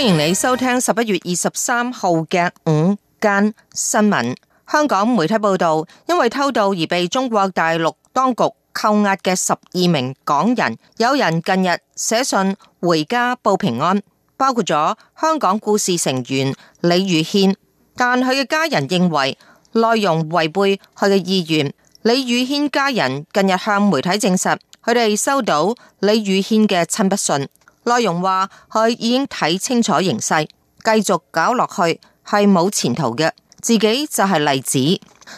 歡迎你收聽十一月二十三號嘅午間新聞。香港媒體報道，因為偷渡而被中國大陸當局扣押嘅十二名港人，有人近日寫信回家報平安，包括咗香港故事成員李宇軒。但佢嘅家人認為內容違背佢嘅意願。李宇軒家人近日向媒體證實，佢哋收到李宇軒嘅親筆信。內容話佢已經睇清楚形勢，繼續搞落去係冇前途嘅，自己就係例子。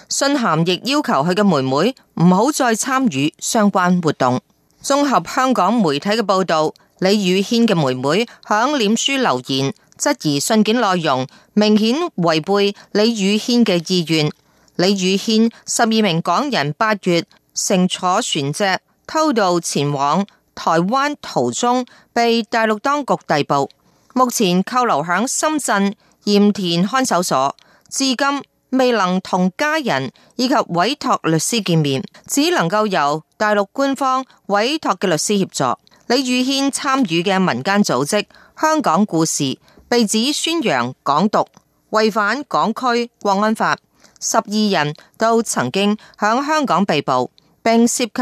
信函亦要求佢嘅妹妹唔好再參與相關活動。綜合香港媒體嘅報道，李宇軒嘅妹妹響臉書留言質疑信件內容，明顯違背李宇軒嘅意願。李宇軒十二名港人八月乘坐船隻偷渡前往。台灣途中被大陸當局逮捕，目前扣留響深圳鹽田看守所，至今未能同家人以及委託律師見面，只能夠由大陸官方委託嘅律師協助。李宇軒參與嘅民間組織《香港故事》被指宣揚港獨，違反港區國安法，十二人都曾經響香港被捕，并涉及。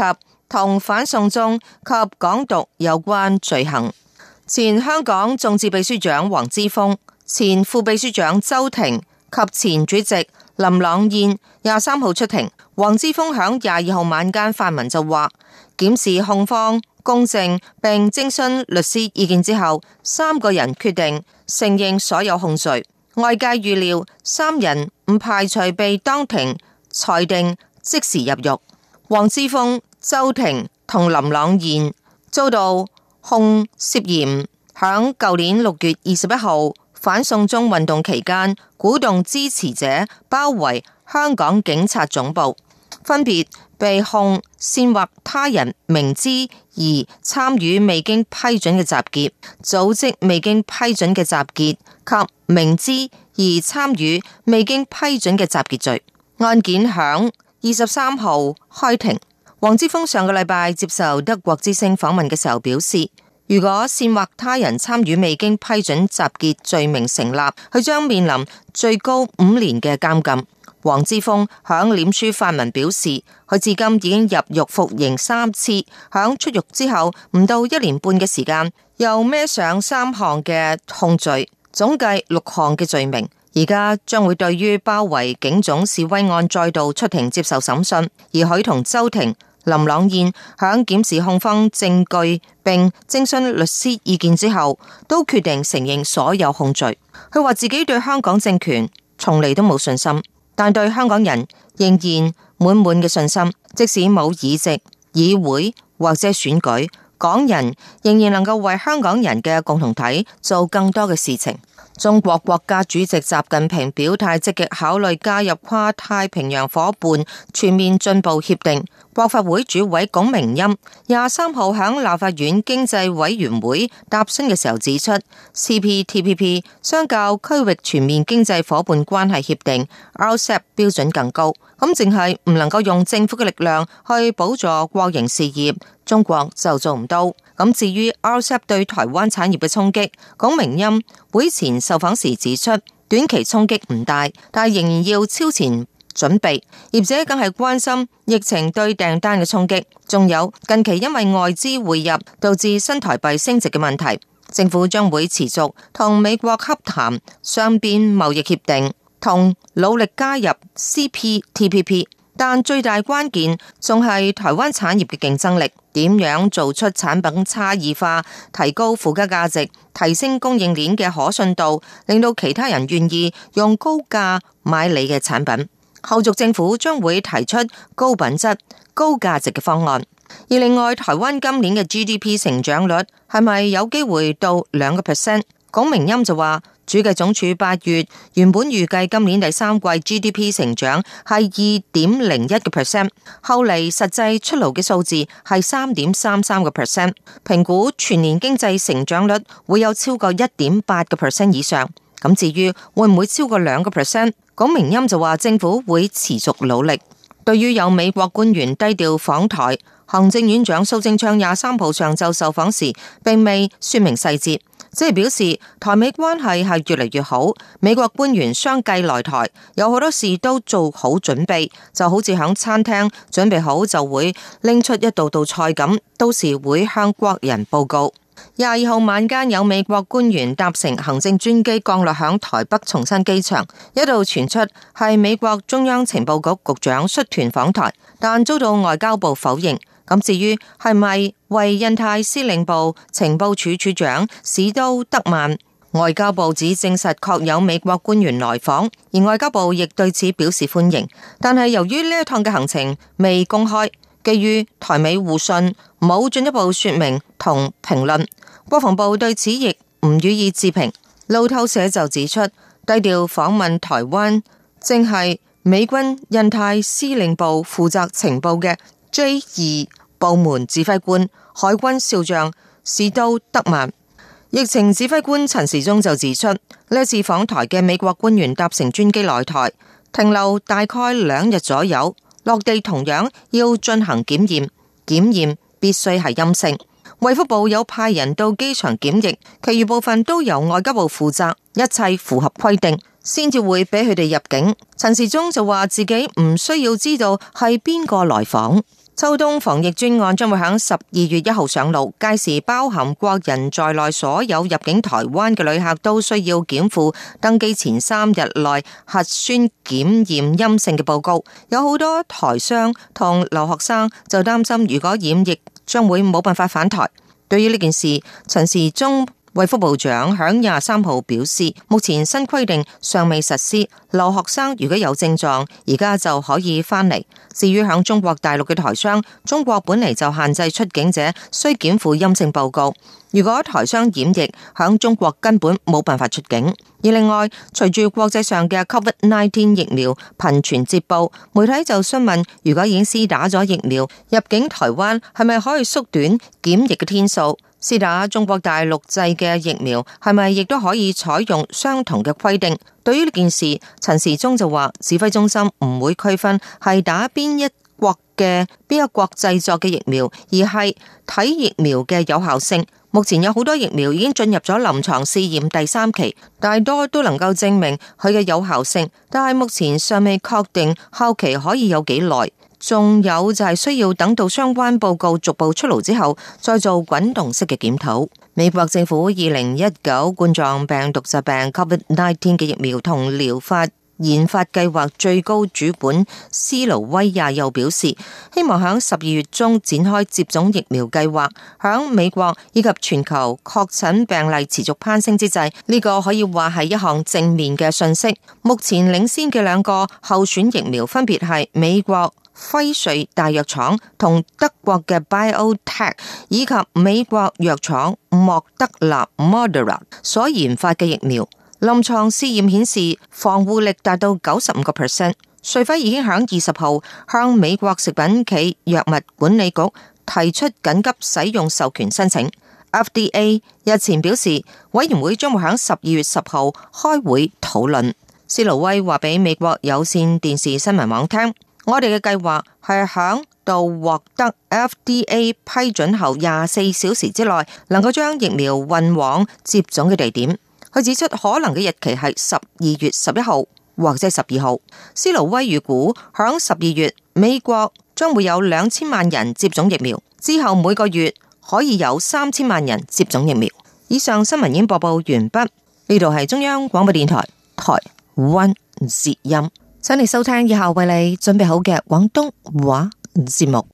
同反送中及港獨有關罪行，前香港眾志秘書長黃之鋒、前副秘書長周庭及前主席林朗彥廿三號出庭。黃之鋒響廿二號晚間發文就話，檢視控方公正，並徵詢律師意見之後，三個人決定承認所有控罪。外界預料三人唔排除被當庭裁定即時入獄。黃之鋒。周庭同林朗彥遭到控涉嫌響舊年六月二十一號反送中運動期間，鼓動支持者包圍香港警察總部，分別被控煽惑他人明知而參與未經批准嘅集結、組織未經批准嘅集結及明知而參與未經批准嘅集結罪。案件響二十三號開庭。黃之鋒上個禮拜接受德國之聲訪問嘅時候表示，如果煽惑他人參與未經批准集結罪名成立，佢將面臨最高五年嘅監禁。黃之鋒響臉書發文表示，佢至今已經入獄服刑三次，響出獄之後唔到一年半嘅時間，又孭上三項嘅控罪，總計六項嘅罪名，而家將會對於包圍警總示威案再度出庭接受審訊，而佢同周庭。林朗彥響檢視控方證據並徵詢律師意見之後，都決定承認所有控罪。佢話自己對香港政權從嚟都冇信心，但對香港人仍然滿滿嘅信心。即使冇議席、議會或者選舉，港人仍然能夠為香港人嘅共同體做更多嘅事情。中國國家主席習近平表態，積極考慮加入跨太平洋夥伴全面進步協定。國發會主委龔明鑫廿三號喺立法院經濟委員會答詢嘅時候指出，CPTPP 相較區域全面經濟夥伴關係協定 （RCEP） 標準更高，咁淨係唔能夠用政府嘅力量去補助國營事業，中國就做唔到。咁至於 RCEP 對台灣產業嘅衝擊，龔明鑫會前受訪時指出，短期衝擊唔大，但仍然要超前準備。業者更係關心疫情對訂單嘅衝擊，仲有近期因為外資匯入導致新台幣升值嘅問題。政府將會持續同美國洽談雙邊貿易協定，同努力加入 CPTPP。但最大關鍵仲係台灣產業嘅競爭力，點樣做出產品差異化，提高附加價值，提升供應鏈嘅可信度，令到其他人願意用高價買你嘅產品。後續政府將會提出高品質、高價值嘅方案。而另外，台灣今年嘅 GDP 成長率係咪有機會到兩個 percent？龔明鑫就話，主計總署八月原本預計今年第三季 GDP 成長係二點零一個 percent，後嚟實際出爐嘅數字係三點三三個 percent，評估全年經濟成長率會有超過一點八個 percent 以上。咁至於會唔會超過兩個 percent，龔明鑫就話政府會持續努力。對於有美國官員低調訪台，行政院長蘇貞昌廿三號上晝受訪時，並未說明細節。即係表示台美關係係越嚟越好，美國官員相繼來台，有好多事都做好準備，就好似喺餐廳準備好就會拎出一道道菜咁，到時會向國人報告。廿二號晚間有美國官員搭乘行政專機降落響台北松山機場，一度傳出係美國中央情報局局長率團訪台，但遭到外交部否認。咁至於係咪？為印太司令部情報處處長史都德曼，外交部指證實確有美國官員來訪，而外交部亦對此表示歡迎。但係由於呢一趟嘅行程未公開，基於台美互信，冇進一步說明同評論。國防部對此亦唔予以置評。路透社就指出，低調訪問台灣，正係美軍印太司令部負責情報嘅 J 二部門指揮官。海軍少將士都德曼，疫情指揮官陳時中就指出，呢次訪台嘅美國官員搭乘專機來台，停留大概兩日左右，落地同樣要進行檢驗，檢驗必須係陰性。衛福部有派人到機場檢疫，其餘部分都由外交部負責，一切符合規定先至會俾佢哋入境。陳時中就話自己唔需要知道係邊個來訪。秋冬防疫專案將會喺十二月一號上路，屆時包含國人在內所有入境台灣嘅旅客都需要檢附登機前三日內核酸檢驗陰性嘅報告。有好多台商同留學生就擔心，如果染疫，將會冇辦法返台。對於呢件事，陳時中。衛生部長響廿三號表示，目前新規定尚未實施，留學生如果有症狀，而家就可以返嚟。至於響中國大陸嘅台商，中國本嚟就限制出境者需檢附陰性報告，如果台商染疫，響中國根本冇辦法出境。而另外，隨住國際上嘅 COVID-19 疫苗頻傳捷報，媒體就詢問，如果已經施打咗疫苗，入境台灣係咪可以縮短檢疫嘅天數？試打中國大陸製嘅疫苗，係咪亦都可以採用相同嘅規定？對於呢件事，陳時中就話，指揮中心唔會區分，係打邊一國嘅邊一國製作嘅疫苗，而係睇疫苗嘅有效性。目前有好多疫苗已經進入咗臨床試驗第三期，大多都能夠證明佢嘅有效性，但係目前尚未確定後期可以有幾耐。仲有就係需要等到相關報告逐步出爐之後，再做滾動式嘅檢討。美國政府二零一九冠狀病毒疾病 COVID-19 嘅疫苗同療法研發計劃最高主管斯勞威亞又表示，希望喺十二月中展開接種疫苗計劃。響美國以及全球確診病例持續攀升之際，呢個可以話係一項正面嘅信息。目前領先嘅兩個候選疫苗分別係美國輝瑞大藥廠同德國嘅 BioTech 以及美國藥廠莫德納 Moderna 所研發嘅疫苗。臨床試驗顯示防護力達到九十五個 percent。瑞輝已經喺二十號向美國食品企藥物管理局提出緊急使用授權申請。FDA 日前表示，委員會將會喺十二月十號開會討論。斯勞威話俾美國有綫電視新聞網聽：我哋嘅計劃係響度獲得 FDA 批准後廿四小時之內，能夠將疫苗運往接種嘅地點。佢指出，可能嘅日期係十二月十一號或者十二號。斯勞威預估響十二月，美國將會有兩千萬人接種疫苗，之後每個月可以有三千萬人接種疫苗。以上新聞已經播報完畢。呢度係中央廣播電台台灣之音，請你收聽以下為你準備好嘅廣東話節目。